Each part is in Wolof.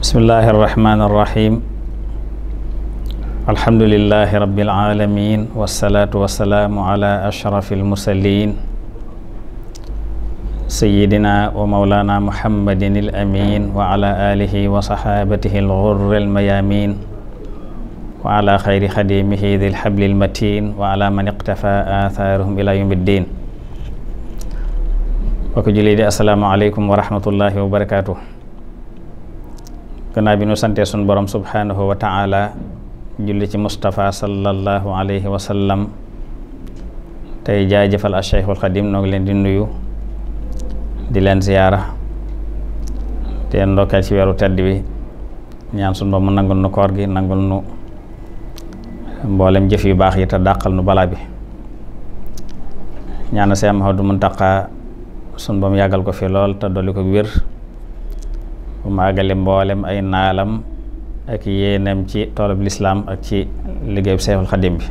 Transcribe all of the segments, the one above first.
bismillahi irrahmani irrahim alhamdulilahi rabilalamin wasalaatu wasalaamu ala ashrafi almursalin sayyidina wa mawlana muhammadin il amin wa ala alihi wa sahabatihi al ghurr al mayamin wa ala khayri khadimihi dhil habli al matin wa ala man iqtafa atharuhum ila yawmiddin wa ko julli di assalamu alaykum wa rahmatullahi wa barakatuh gannaaw bi nu sante sun borom subhanahu wa ta'ala julli ci Mustafa sallallahu alayhi wa sallam tey jaajëfal al Cheikhul Xadim noo ngi leen di nuyu di leen ziyaara te ndokkeel ci weeru tedd bi ñaan sunu Boroom mu nangul nu koor gi nangul nu mboolem jëf yu baax yi te dàqal nu balaa bi ñaana Seex Muhamadu Muntaxa sunu Boroom yàggal ko fi lool te dolli ko wér bu ma mboolem ay naalam ak yéeneem ci toolub lislaam ak ci liggéeyu Seexul Xadim bi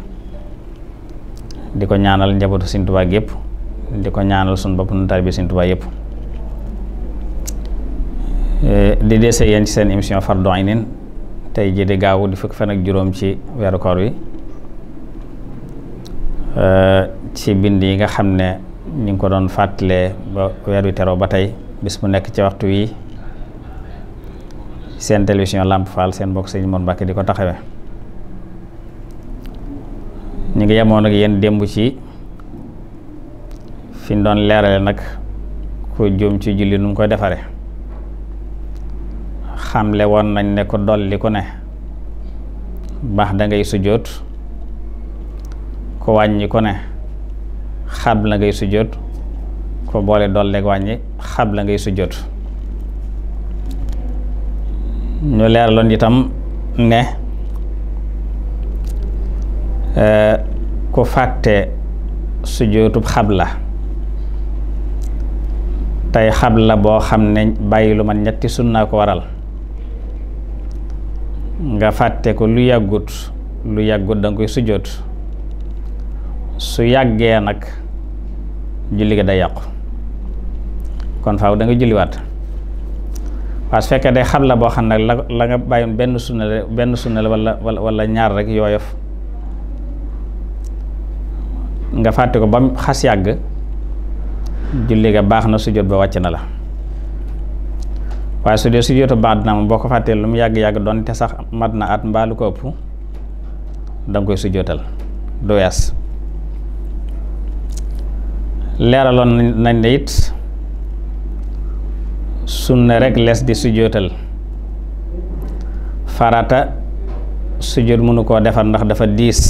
di ko ñaanal njabootu Sëñ Tuubaa gépp di ko ñaanal sunu bopp nu tarbi Sëñ Tuubaa yëpp Eh, di dese yéen ci seen émission Fardul Hayni tey jii di gaawu di fukki fan ak juróom ci weeru koor wi eh, ci bind yi nga xam ne ñu ngi ko doon fàttalee ba weer wi teroo ba tey bis bu nekk ci waxtu wi seen télévision Lamp Fall seen mbokk sëñ Mor Mbacke di ko taxawee ñu ngi yemoon ak yéen démb ci fi ñu doon leerale nag ku jum ci julli nu mu koy defaree. xamle woon nañ ne ko dolli ku ne baax da ngay sujjóot ko wàññi ku ne xab la ngay sujjóot ko boole dolleek wàññi xab la ngay sujjóot ñu leeraloon itam ne e, ku fàtte sujjóotub xab la tey xab la boo xam ne bàyyi lu man ñetti sunna ko waral nga fàtte ko lu yàggut lu yàggut danga nga koy sujjoot su yàggee nag julli ga day yàqu kon faaw danga nga julliwaat waaye su fekkee day xab la boo xam ne la la nga bàyyoon benn sunna la benn sunna la wala wala ñaar rek yooyof nga fàtte ko ba xas yàgg julli ga baax na sujjoot ba wàcc na la waaye su dee sujjóotu baat na moom boo ko fàttee lu mu yàgg-yàgg doonte sax mat na at mbaalu ko ëpp danga koy sujjóotal du wees leeraloon nañ ne it sunna rek lees di sujjóotal farata sujjóot mënu koo defar ndax dafa diis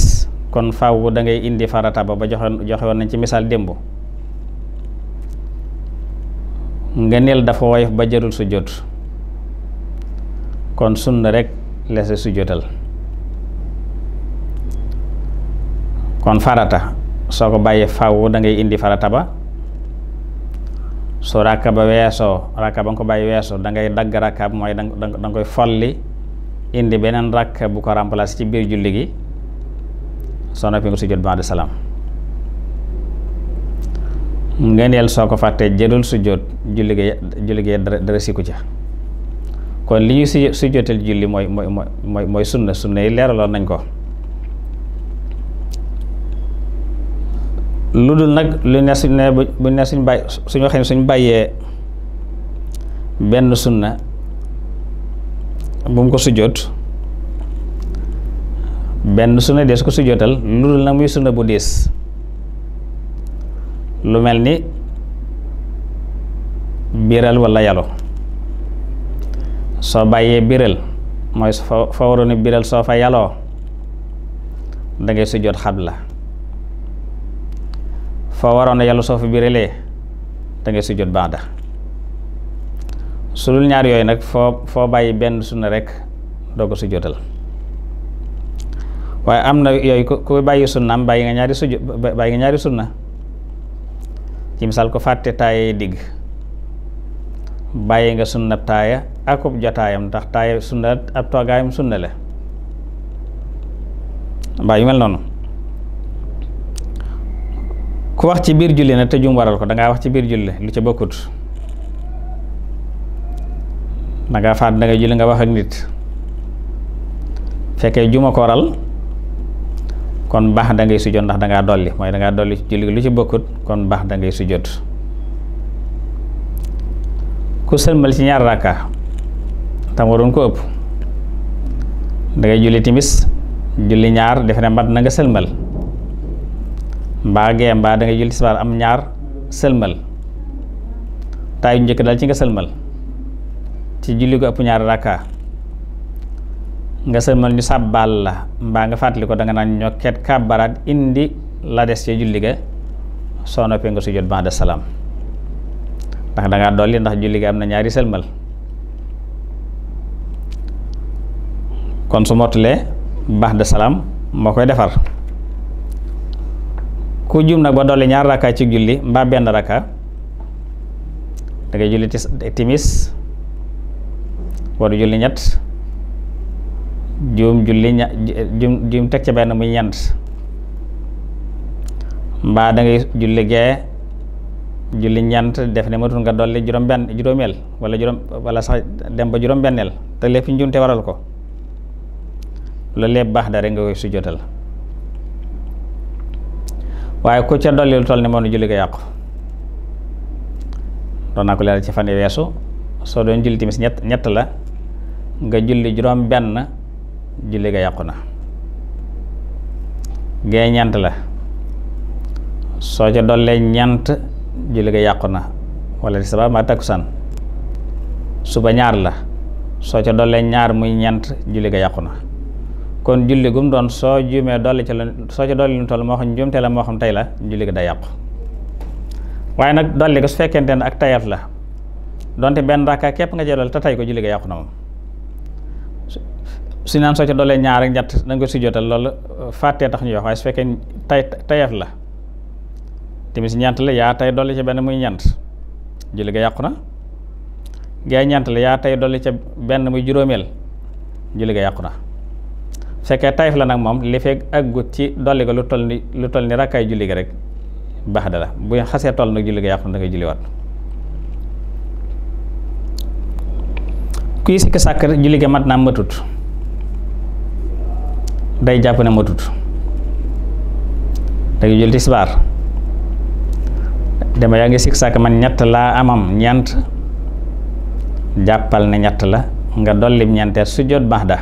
kon faaw da ngay indi farata ba ba joxe joxewoon nañ ci misaal démb ngëneel dafa woyof ba jarul sujjóot kon rekk rek lese sujjóotal kon farata soo ko bàyyee faw da ngay indi farata ba su ràkka ba weesoo ràkka ba nga ko bàyyi weesoo da ngay dagg ràkka bi mooy da nga koy folli indi beneen ràkka bu ko remplacer ci biir julli gi soo noppee nga sujjóot ba de ngëneel soo ko fàttee jërul sujjóot julli gi julli gi dara siku ca kon li ñuy su sujjóotal julli mooy mooy mooy mooy sunna sunna yi leeraloon nañ ko lu dul nag lu ne suñ ne bu ne suñ bàyyi suñu waxee bàyyee benn sunna bu mu ko sujjóot benn sunna dees ko sujjóotal lu dul nag muy sunna bu dees lu mel ni biral walla yalu soo bàyyee biral mooy fa fa waroon biral soo fa yaloo da ngay sujjóot fa waroon a yalu soo fa biralee da ngay sujjóot baada su dul ñaar yooyu nag foo foo bàyyi benn sunna rek doo ko sujjóotal waaye am na yooyu ku bàyyi sunnaam bàyyi nga ñaari sujjóot bàyyi nga ñaari sunna ci ko fàtte taayay digg bàyyi nga sunna taaya akub jotaayam ndax taaya sunna ab toogaayam sunna la mbaa yu mel noonu ku wax ci biir julli na te jum waral ko danga wax ci biir julli lu ca bokkut dangaa faat dangay julli nga wax ak nit fekkee juma ko kon baax da ngay sujjoot ndax da ngaa dolli mooy da ngaa dolli julli lu ci bokkut kon baax da ngay sujjoot ku sëlmal ci ñaar rakka tam waroon ko ëpp dangay ngay julli timis julli ñaar defe ne mat na nga sëlmal mbaa gee mbaa da ngay julli tisbaar am ñaar sëlmal taay yu njëkk dal ci nga sëlmal ci julli ko ëpp ñaar rakka nga sëlmal ñu sàbbaal la mbaa nga fàttali ko da nga naan ñokket kàbbaraat indi la des ca julli ga soo noppee nga sujjóot ba'da salaam ndax da ngaa dolli ndax julli ga am na ñaari sëlmal kon su mottalee ba'da salaam moo koy defar ku jum nag ba dolli ñaar rakka ci julli mbaa benn rakka da ngay julli timis wala julli ñett juum julli ña juum juum teg ca benn muy ñeent mbaa da ngay julli gee julli ñeent def ne matul nga dolli juróom benn juróomeel wala juróom wala sax dem ba juróom benneel te lépp njuumte waral ko loolu lépp baax dara nga koy sujjóotal waaye ku ca dolli lu toll ne moom julli ga yàqu doon ko leeral ci fan yu weesu soo doon julli timis ñett ñett la nga julli juróom benn julli ga yàqu na gee ñant la soo ca dollee ñant julli ga yàqu na walla di sabab ma takkusaan suba ñaar la soo ca dollee ñaar muy ñeent julli ga yàqu na kon julli gum doon soo juumee dolli ca la soo ca dolli lu toll moo xam njuumte la moo xam tey la julli ga day yàqu waaye nag dolli ga su fekkente ne ak tayaf la donte benn rakka képp nga jëlal te tey ko julli ga yàqu na moom su naan soo ca doolee ñaar ak ñett da nga si jotal loolu euh, fàttee tax ñuy wax waaye su fekkee tay tayef la timis ñeent la yaa tay dolli ca benn muy ñeent julli yàqu na gee ñeent la yaa tey dolli ca benn muy juróomeel julli ga yàqu na su fekkee tayef la nag moom li fekk aggut ci dolli ga lu toll ni lu toll ni rakkaay julli ga rek baax da la bu xasee toll nag julli ga yàqu na da ngay julliwaat kuy sikk sàkk julli ga mat naa matut day jàpp ne matut day jël tisbaar dama yaa ngi sikk sàkk man ñett laa amam ñeent jàppal ne ñett la nga dolli ñeenteel sujjóot baxda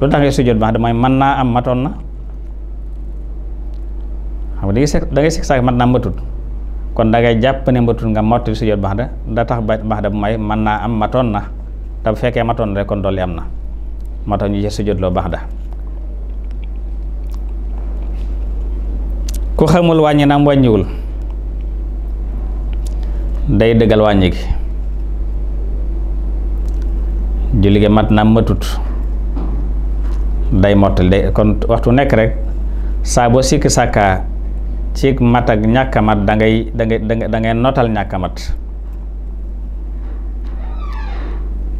lu tax ngay sujjóot baxda mooy mën naa am matoon na xam nga da ngay sikk sàkk mën naa matut kon da ngay jàpp ne matut nga mottali sujjóot baxda da tax baxda bu may mën naa am matoon na te bu fekkee matoon na rek kon dolli am na moo tax ñu ci sujjóot loo da ku xamul wàññi naam wàññiwul day dëggal wàññi gi julli gi mat naam matut day mottali day kon waxtu nekk rekk saa boo sikk sàkkaa ci mat ak ñàkk a mat da ngay da ngay notal ñàkk a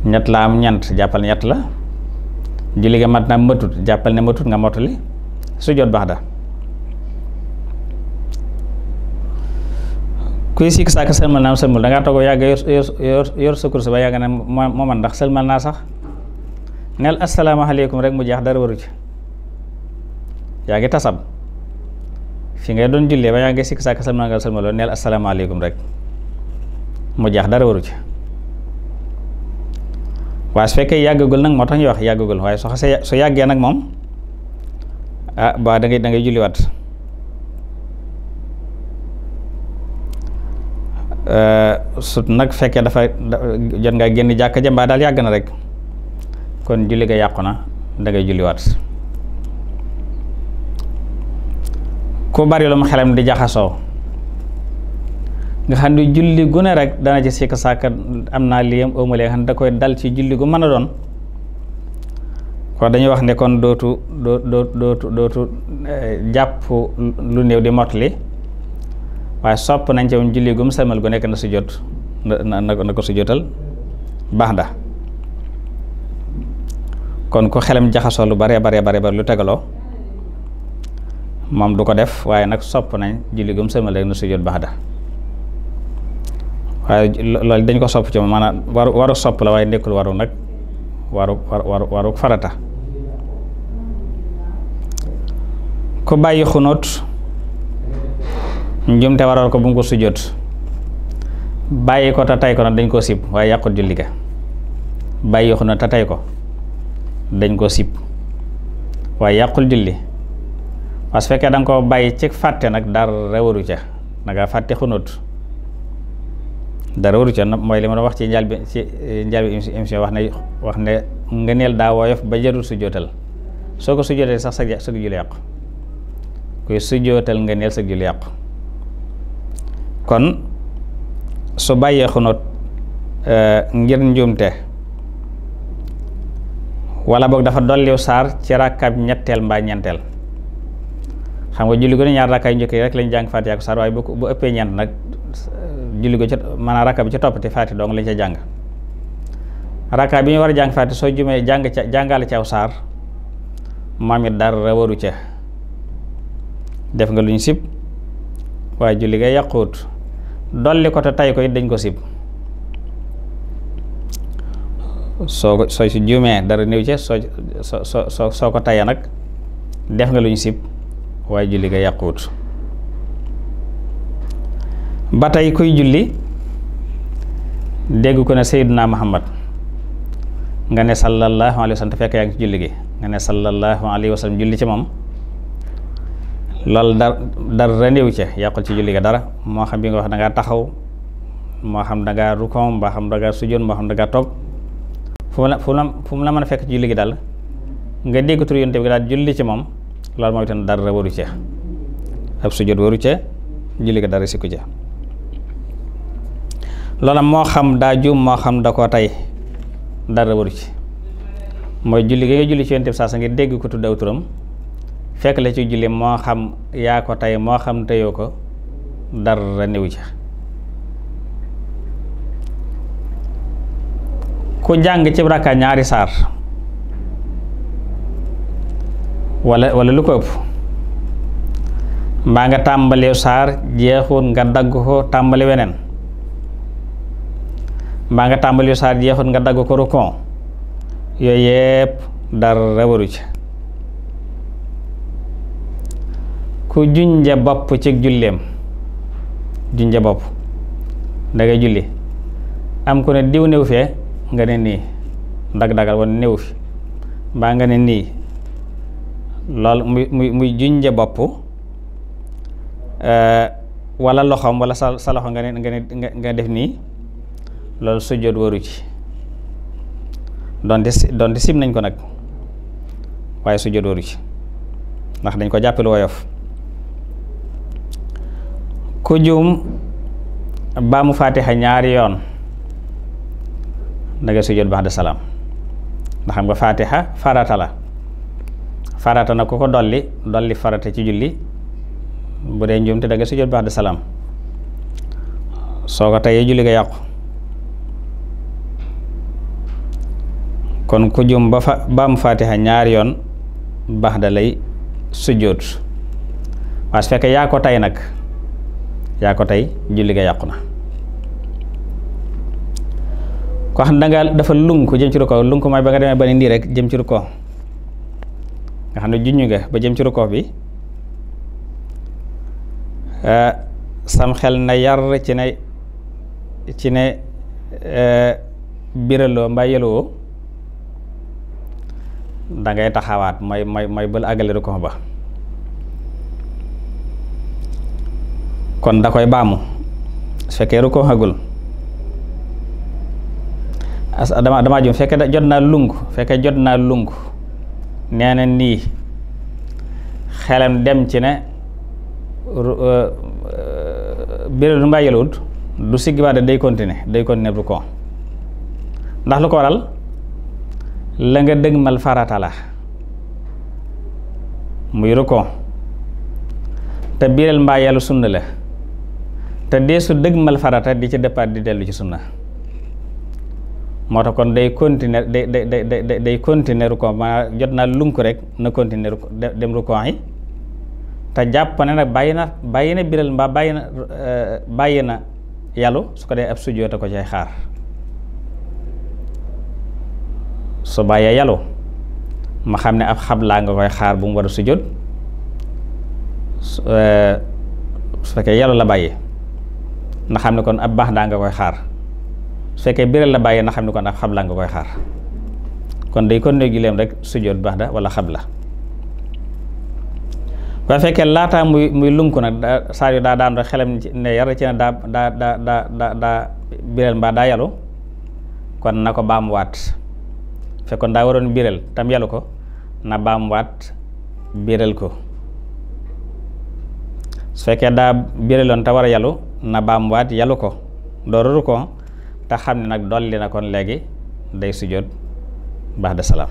ñett la am ñent jàppal ñett la julli gi mat naam matut jàppal ne matut nga mottali su jot baax da kuy sikk sàkk sëlmal naam sëlmal dangaa toog yàgg yor yor sa kurus ba yàgg na moo man ndax sëlmal naa sax neel asalaamaaleykum rek mu jeex dara waru ci yaa ngi fi ngay doon jullee ba yaa ngi sikk sàkk sëlmal nga sëlmaloo neel asalaamaaleykum rek mu jeex dara waru ci waaye su fekkee yàggagul nag moo tax ñuy wax yàggagul waaye su xasee su yàggee nag moom ah ba da dangay da ngay Euh, su nag fekkee dafa jot ngay génn jàkka ja daal yàgg na rek kon julli ga yàqu na dangay ngay julliwaat ku bari lu mu xelam di jaxasoo nga xam ne julli gu ne rek dana ci sikk sàkk am naa lii yam ëmmalee xam da koy dal ci julli gu mën a doon kon dañuy wax ne kon dootu dootu dootu dootu eh, jàpp lu néew di motli waaye sopp nañ ca woon julli gu mu salmal gu nekk na su jot na na ko su jotal baax na kon ku xelam jaxasoo lu bare bare bare bare lu tegaloo moom du ko def waaye nag sopp nañ julli gu mu salmal rek na su jot baax na waaye loolu dañ ko sopp ci moom maanaam waru waru sopp la waaye nekkul waru nag waru waru waru farata ku bàyyi xunóot njumte waral ko bu mu ko sujjóot bàyyi ko te tay ko nag dañ koo sib waaye yàqut julli ga bàyyi ko nag ko dañ koo sib waaye yàqul julli parce que fekkee da nga ko bàyyi ci fàtte nag dara waru ca nanga fàtte xunóot dara waru ca mooy li ma doon wax ci njaal bi ci eh, njaal bi émission wax ne wax ne nga neel daa woyof ba jarul sujjóotal soo ko sujjóotee sax sa sa julli yàqu kuy sujjóotal nga neel sa julli yàqu kon su bàyyee xunut e, ngir njuumte wala boog dafa dolliw saar ci rakkab ñetteel mbaa ñeenteel xam nga julli gu ne ñaar rakkaay njëkk yi rek lañ jàng faatiha ko saar waaye bu ëppee ñeent nag julli gu ci maanaam rakka bi ci toppati doo dong lañ ca jàng rakka bi ñu war a jàng faat soo jumee jàng ca jàngale ci aw saar maam it dara waru ca def nga lu ñu sib waaye julli ga yàquwut dolli ko te tay ko it dañ ko sib soo ko soo si juumee dara néew ci soo soo soo ko tayee nag def nga lu ñu sib waaye julli ga yàquwut ba tey koy julli dégg ko ne Seydina Muhammad nga ne sallallahu alayhi wa sallam te fekk yaa ngi ci julli gi nga ne sallallahu alayhi wa sallam julli ci moom loolu dar dara néew ca yàqul ci julli ga dara moo xam bi nga wax dangaa taxaw moo xam da ngaa rukon moo xam da ngaa sujjoon moo xam dangaa ngaa toog fu mu la fu mu la mën a fekk ci julli gi nga dégg tur yonent bi ci moom loolu mooy itam dara waru ca ab sujjoot ca julli ga dara sikku ca loola moo xam daa juum moo xam da ko tey dar waru ci mooy julli gi nga julli ci yonent bi saa sa nga dégg ko tudd fekk la ci julli moo xam yaa ko tey moo xam teyoo ko dara néew ca ku jàng ci rakka ñaari saar walla wala lu ko ëpp mbaa nga tàmbalew saar jeexut nga dagg ko tàmbali weneen mbaa nga tàmbalew saar jeexut nga dagg ko rukon yooyu yëpp dara waru ca ku junja bopp ci julleem junja bopp da ngay julli am ku ne diw néew fee nga ne nii dag-dagal woon néew fi mbaa nga ne nii loolu muy muy muy junja bopp eh, wala loxoom wala sa sa loxo nga ne nga ne nga def nii loolu sujjóot waru ci donte donte sim nañ ko nag waaye sujjóot waru ci ndax dañ ko jàppe lu woyof ku juum baa mu faatixa ñaari yoon dangay sujjóot ba'da salaam ndax nga faatixa farata la farata na ku ko dolli dolli farata ci julli bu dee njuum te dangay sujjóot ba'da salaam soo ko tayee julli nga yàqu kon ku juum ba fa baa mu faatixa ñaari yoon ba'da lay sujjóot waaye su fekkee yaa ko tay nag yaa ko tey julli ga yàqu na koo xam ne danga dafa lunk jëm ci rukkoo lunk mooy ba nga demee ba ni nii rek jëm ci rukkoo nga xam ne juñu nga ba jëm ci rukkoo bi eh, sam xel na yar ci ne ci ne eh, biraloo mbaa yelowoo dangay taxawaat may may mooy bal àggale rukkoo ba kon da koy baamu su fekkee rukkoo xagul as dama dama jum fekkee jot naa lung fekkee jot naa lung nee nii xelam dem ci ne euh, euh, biir lu nga yëluwut du siggiwaat day continuer day continuer rukkoo ndax lu ko waral la nga dëgmal faratala la muy rukkoo te biiral mbaa yàlla sunna la te deesu dëgmal farata di ci départ di dellu ci sunna moo tax kon day continuer day day day day continuer ma jot naa lunk rek na continuer dem ruko yi te jàpp ne nag bàyyi na bàyyi na biral mbaa bàyyi na eh, bàyyi na yàllu su ko dee ab sujjóot ko cay xaar su bàyyee yàllu ma xam ne ab xablaa nga koy xaar bu mu war a sujjóot su eh, fekkee yàllu la bàyyi na xam ne kon ab baax daa nga koy xaar su fekkee biral la bàyyi na xam ne kon ab xab laa nga koy xaar kon day kon ne gileem rek sujjóot baax da wala xab la ba fekkee laataa muy muy lunku nag saa daa daan yar ci daa daa daa kon na ko baam waat daa waroon biral tam yalu ko na baam waat biral ko su fekkee daa biraloon te war a yalu na baamuwaat yalu ko dooru ko te xam ne nag dolli na kon léegi day sujjóot baax de salaam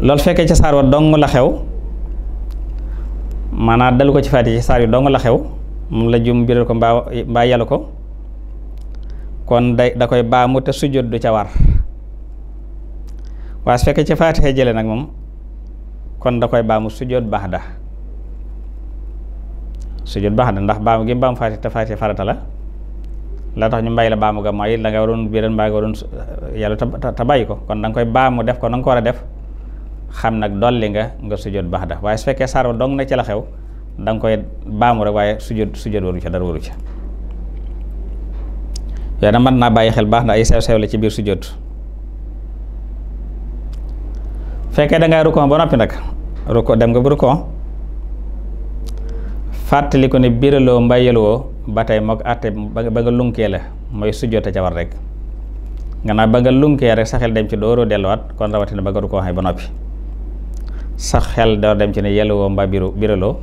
loolu fekkee ca saar wa dong la xew maanaam dalu ko ci faati ci saar yu dong la xew moom la jum biral ko mbaa mbaa yalu ko kon day da koy baamu te sujjóot du ca war waaye su fekkee ci faatixe jële nag moom kon da koy baamu sujjóot baax da sujjóot baax na ndax baamu gi baamu faati te faati farata la la tax ñu mbay la baamu ga mooy la nga waroon biiral mbaa nga bàyyi ko kon danga nga koy baamu def ko na nga war a def xam nag dolli nga nga sujjóot baax da waaye su fekkee saar wa na ci la xew da koy baamu rek waaye sujjóot sujjóot waru ca dara waru ca yooyu nag mën naa bàyyi xel baax na ay sew sew la ci biir sujjóot fekkee da ngay ba noppi nag rukkoo dem nga bu rukkoo fàttaliku ne biraloo mbayaloo ba tey mook àtte ba nga lunkee la mooy sujjoote jawar rek nga naa ba nga lunkee rek sa xel dem ci dooroo delluwaat kon rawatina ba nga du ko waxee ba noppi sa xel door dem ci ne yelluwoo mba biru biraloo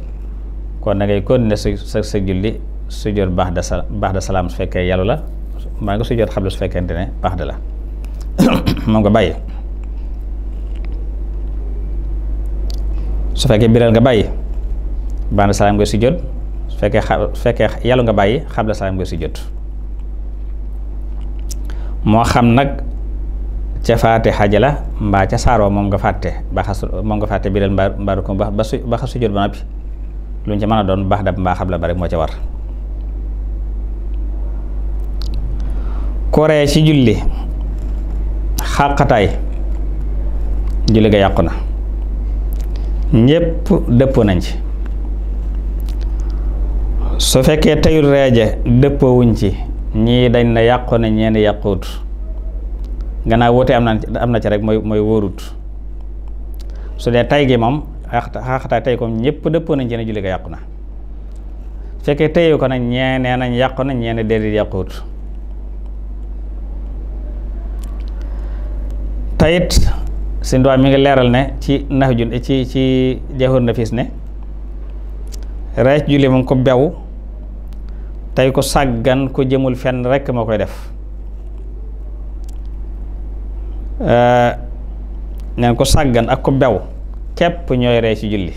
kon da ngay continuer sa sa sa julli sujjoot baax da sa baax da salaam su fekkee yàllu la maa nga sujjoot xablu su fekkente ne baax la moom nga bàyyi su fekkee biral nga bàyyi baana salaam nga sujjóot su fekkee xa fekkee yàlla nga bàyyi xabla salaam nga sujjóot moo xam nag ca faatiha ja la mbaa ca saaroo moom nga fàtte ba xas moom ba su ba xas sujjóot ba noppi lu ñu ci mën a doon baax dab mbaa xabla ba rek moo ca war koree ci julli xàqataay julli ga yàqu na ñépp dëppoo nañ ci su fekkee teyul reeje dëppoowuñ ci ñii dañ na yàqu na ñeen yàquut gannaaw wute am na am na ci rek mooy mooy wóorut su dee tey gi moom xaaxataa tey comme ñëpp dëppoo nañ ci ne julli yàqu na fekkee teyu ko nag ñee nee nañ yàqu na ñeen déedéet yàquut tayit Sëñ Tuubaa mi ngi leeral ne ci nax ju ci ci jaxur na fiis ne rees julli moom ko bew tey ku sàggan ku jëmul fenn rekk moo koy def neen ku sàggan ak ku bew képp ñooy rey ci julli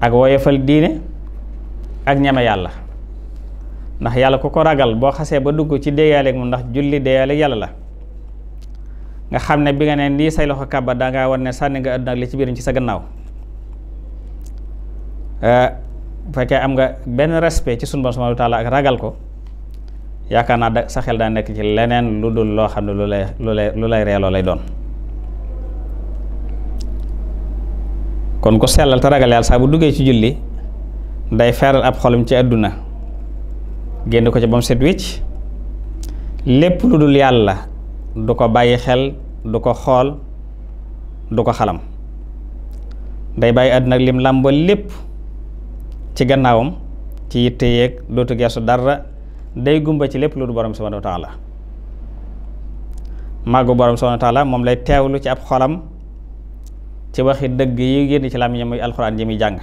ak woyofal diine ak ñeme yàlla ndax yàlla ku ko ragal boo xasee ba dugg ci déeyaaleeg moom ndax julli déeyaaleeg yàlla la nga xam ne bi nga ne nii say loxo kàbba dangaa war ne sànni nga àdduna ak li ci biiram ci sa gannaaw bu fekkee am nga benn respect ci sunu borom subhaanahu wa ak ragal ko yaakaar naa sa xel daa nekk ci leneen lu dul loo xam ne lu lay lu lay lay reeloo lay doon kon ku sellal te ragal yàlla saa bu duggee ci julli day feral ab xolam ci àdduna génne ko ci ba mu set wicc lépp lu dul yàlla du ko bàyyi xel du ko xool du ko xalam day bàyyi àdduna ak lim làmboo lépp ci gannaawam ci yitte yeeg dootu geesu dara day gumba ci lépp loolu du borom subhanahu wa taala màggu borom subhanahu wa taala moom lay teewlu ci ab xolam ci waxi dëgg yi génn ci làmmiñam muy alxuraan ji muy jàng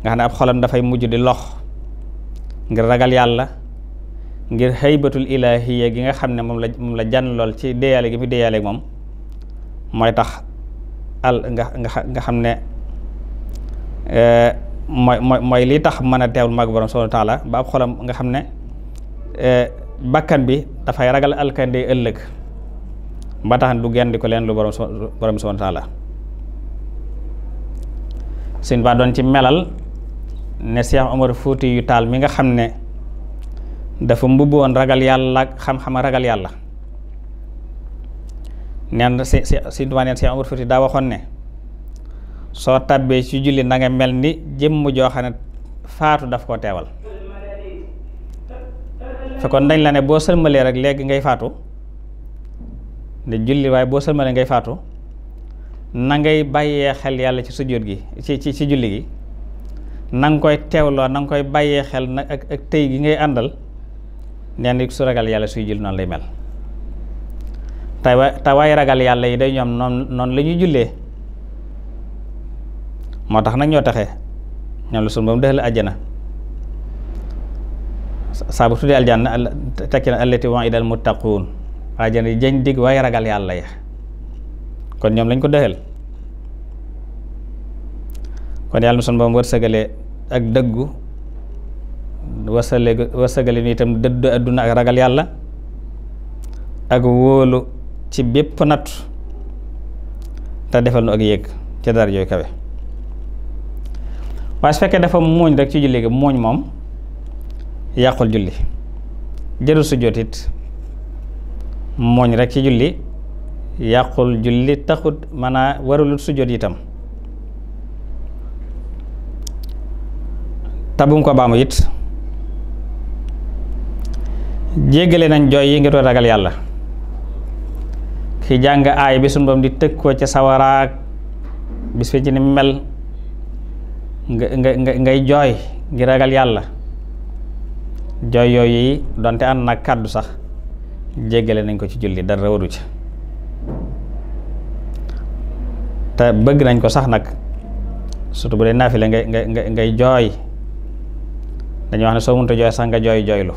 nga xam ne ab xolam dafay mujj di lox ngir ragal yàlla ngir xëybatul ilaahiya gi nga xam ne moom la moom la jànn lool ci déyaale gi muy déyaale moom mooy tax al nga xam ne eh, mooy mooy mooy li tax mën a teewul mag borom subhaanahu wa ba ab xolam nga xam ne eh, bakkan bi dafay ragal alkande ëllëg ba tax du genn ko leen lu borom borom subhaanahu wa taala suñ ba doon ci melal ne Cheikh Omar Fuuti yu taal mi nga xam ne dafa mbubboon ragal yàlla xam-xam ragal yàlla neen si si si neen Cheikh Omar Fuuti daa waxoon ne soo tabbee su julli na nga mel ni jëmm joo xam ne faatu daf koo teewal fekkoon dañ la ne boo sëlmalee rek léegi ngay faatu ne julli waaye boo sëlmalee ngay faatu na ngay bàyyee xel yàlla ci sujjóot gi ci ci julli gi na koy teewloo na nga koy bàyyee xel na ak ak gi ngay àndal nee su ragal yàlla suy julli noonu lay mel te waay ragal yàlla yi day ñoom noonu noonu jullee moo tax nag ñoo taxe ñoom la suñu borom dëxal àjjana saa bu tuddee aljanna tekki na allati wa'idal muttaquun àjjana yi jëñ dig waaye ragal yàlla ya kon ñoom lañ ko dëxal kon yàlla na suñu borom wërsëgale ak dëggu wasale wasagale ni itam dëdd adduna ak ragal yàlla ak wóolu ci bépp natt te defal nu ak yéeg ci dara yooyu kawe waaye su fekkee dafa muuñ rek ci julli gi muuñ moom yàqul julli jërul su jotit mooñ rek ci julli yàqul julli taxut maanaa waralut sujjóot itam tabum ko baamu it jéggale nañ jooy yi ngir ragal yàlla ki jàng aay bi sumbam di tëgg ko ca sawaraak bis fi ci ni mel nga nga ngay jooy ngi ragal yàlla jooy yooyu yi donte ànd nag kàddu sax jéggale nañ ko ci julli dara waru ca te bëgg nañ ko sax nag surtout bu dee naafile ngay ngay ngay jooy dañuy wax ne soo mënta jooy sax nga jooy jooylu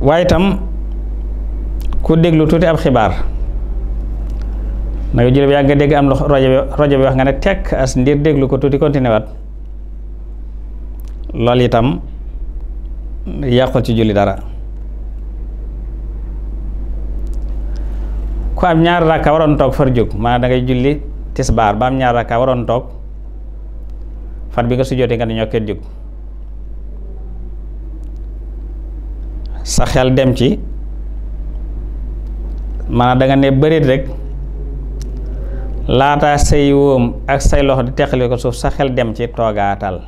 waaye tam ku déglu tuuti ab xibaar nanga jël bi yàgg nga dégg am lu rajo bi rajo bi wax nga ne tek as ndiir déglu ko tuuti continué waat loolu itam yàqul ci julli dara ku am ñaari rakka waroon toog far jóg maanaam da ngay julli tisbaar ba am ñaari waroon toog far bi nga sujjootee nga ne ñokkeet jóg sa xel dem ci maanaam da nga ne bëreet rek laata say wóom ak say loxo di teqali ko suuf sa xel dem ci toogaatal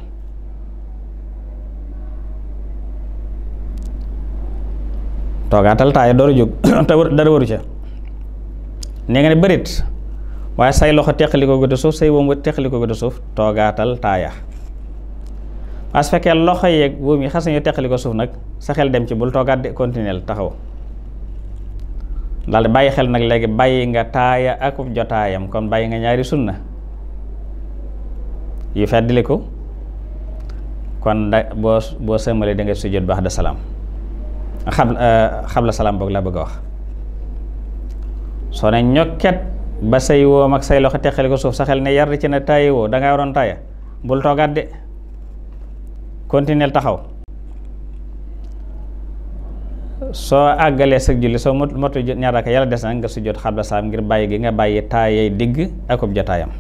toogaatal taaya dooru jóg te dara waru ca nee nga ne bërit waaye say loxo teqali ko guddi suuf say wóom wa teqali ko guddi suuf toogaatal taaya waaye su fekkee loxo yeeg wóom yi xas nañu teqali ko suuf nag sa xel dem ci bul toogaat di continuer taxaw daal bàyyi xel nag léegi bàyyi nga taaya akub jotaayam kon bàyyi nga ñaari sunna yu feddli ko kon da boo boo sëmmalee da nga sujjóot baax da salaam xam eh, xabla salaam boog laa bëgg a wax soo ne ñokket ba say woom ak say loxo teqali ko suuf sa xel ne yar ci na taayi woo da ngaa waroon taaya bul toogaat de continuer taxaw soo àggalee sa julli soo mot motu ñaar rakaa yàlla des na nga sujjóot xabla salaam ngir bàyyi nga bàyyi taayay digg akub jotaayam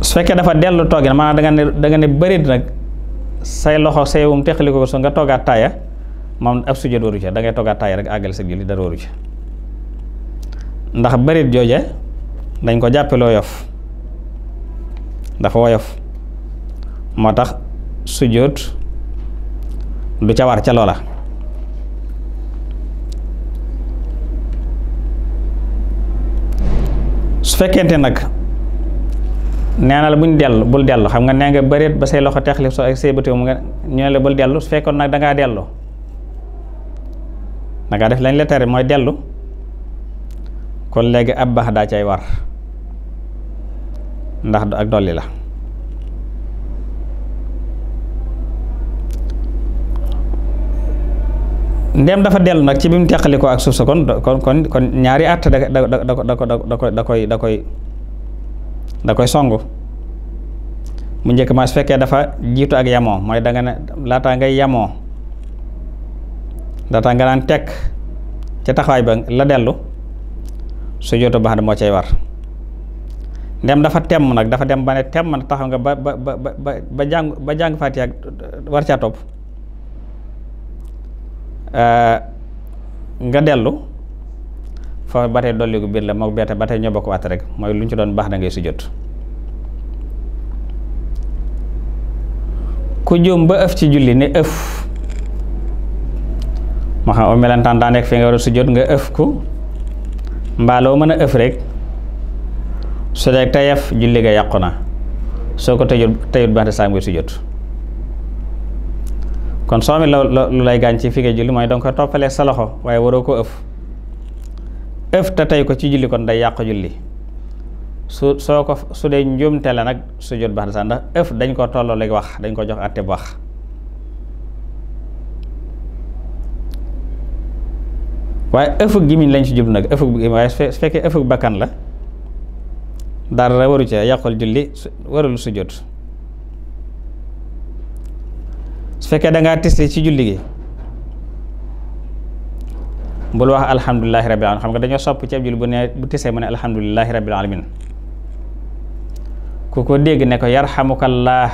su fekkee dafa dellu toog na maanaam da nga ne da nga ne bërit loxo say wum ko so nga toogaat moom ab sujjóot waru ca dangay ngay taaya rek àggale sa julli dara waru ca ndax bërit jooje dañ ko jàppeloo yof dafa woyof moo tax sujjóot du ca war ca loola su fekkente nag na neenal buñ dellu bul dellu xam nga nee nga bëreet ba say loxo texli so ak say bëtiw mu nga ñu ne la bul dellu su fekkoon nag dangaa dellu dangaa def lañ la tere mooy dellu kon léegi ab baax daa cay war ndax ak dolli la ndem dafa dellu nag ci bi mu teqali ko ak suuf sa kon kon kon ñaari at da da da da da koy da koy da koy songu mu njëkk ma su fekkee dafa jiitu ak yamoo mooy danga ne laataa ngay yamoo laataa nga daan tekk ca taxawaay ba la dellu su jootu baax moo cay war ndem dafa temm nag dafa dem ba ne temm nag taxaw nga ba ba ba ba jàng ba jàng fàtte ak war caa topp Euh, nga dellu fa ba tey dolliku biir la mook beete ba tey ñoo rek mooy lu ñu ci doon baax da ngay sujjóot ku juum ba ëf ci julli ni ëf moo xam aw melentaan daa nekk fi nga war a sujjóot nga ëf ku mbaaloo mën a ëf rek su dee tayaf julli ga yàqu na soo ko tëjut tëjut ba tey saa ngay sujjóot kon soo amee lu lay gaañ ci fi ngay julli mooy danga koy toppalee sa loxo waaye waroo ko ëf ëf te tey ko ci julli kon day yàq julli su soo ko su dee njuumte la nag sujjóot baax na sax ëf dañ ko tolloo léegi wax dañ ko jox àtteb wax waaye ëfug gimiñ lañ si jublu nag ëfug gimiñ waaye su fekkee ëfug bakkan la dara waru ci yàqul julli warul sujjóot su fekkee da ngaa tisli ci julli gi bul wax alhamdulilahi rabbil alamin xam nga dañoo sopp ci ab julli bu ne bu tisee mu ne alhamdulilahi rabbil alamin ku ko dégg ne ko yarxamukallah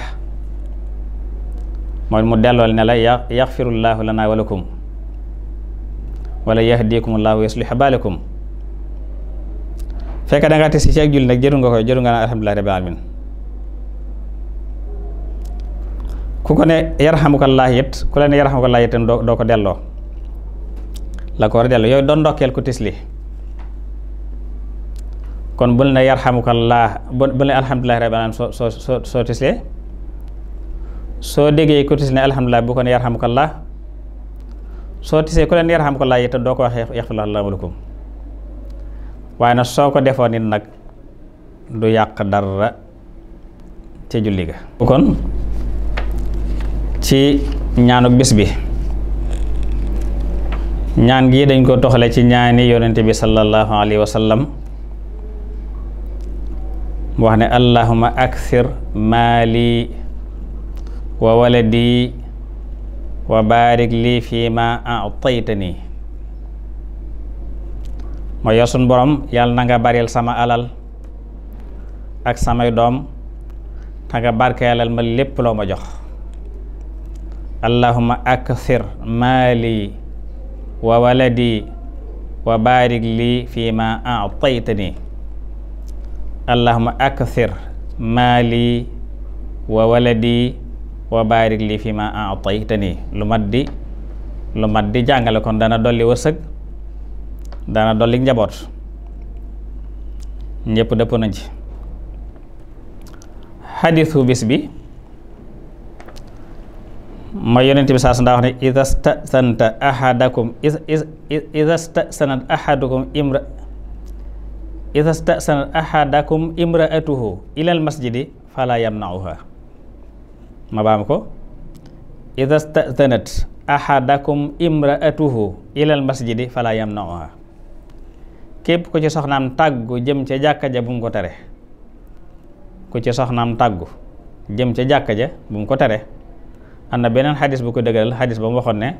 mooy mu dellool ne la yaxfirullaahu lana walakum wala yahdikumullahu yuslih baalakum fekkee da ngaa tisli ci ak julli nag jëru nga koy jëru nga naan alhamdulilahi alamin ku ko ne yarhamukallah it ku la ne yarhamukallah it doo doo ko delloo la ko war a delloo yooyu doon ndokkeel ku tisli kon bul ne yarhamukallah bul soo tislee soo déggee ku tisli ne alhamdulilah bu ko ne yarhamukallah soo tisee ku la ne yarhamukallah it doo waaye nag soo ko defoon nit nag du yàq dara ci julli ga kon ci ñaanu bis bi ñaan gi dañ ko toxale ci ñaani yonente bi sallallahu alayhi wa sallam wax ne allahuma akthir maali wa waladi wa barik lii fii ma ataytani mooy yow sunu borom yàlla na nga baril sama alal ak samay doom ta nga barkeelal ma lépp loo ma jox allahuma akthir maali wa waladi wa barik li fi ma ataytani allahuma akthir maali wa waladi wa barik li fi ma ataytani lu mat di lu mat di jàngale kon dana dolli wërsëg dana dolli njaboot ñëpp dëpp nañ ci xadiisu bis bi mooy yonent bi saas ndaa wax ne idastasanta ahadakum idastasanat ahadukum imra idastasanat ahadakum imraatuhu ilal masjidi fala yamnauha ma baam ko idastasanat ahadakum imraatuhu ilal masjidi fala yamnauha képp ku ci soxnaam tàggu jëm ca jàkka ja bu mu ko tere ku ci soxnaam tàggu jëm ca jàkka ja bu mu ko tere am na beneen xadis bu ko dëgëral xadis ba mu waxoon ne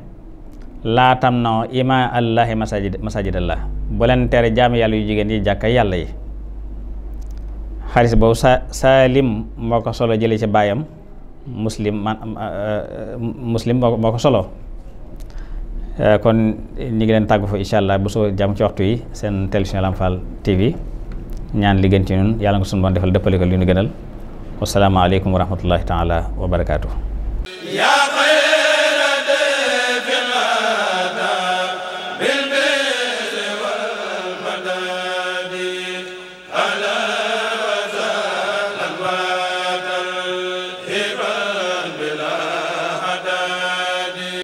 laa tamna'u imaa allahi masajid masajidallah bu leen tere jaam yàlla yu jigéen yi jàkk yàlla yi xadis boobu sa Saalim moo ko solo jëlee ci baayam muslim man uh, muslim moo ko solo uh, kon ñu ngi leen tàggu fa incha allah bu soo jàmm ci waxtu yi seen télévision Lamp Fall TV ñaan li gën ci ñun yàlla nga sunu boon defal dëppale ko li ñu gënal wasalaamaaleykum wa rahmatullahi taala wa barakaatu. yaa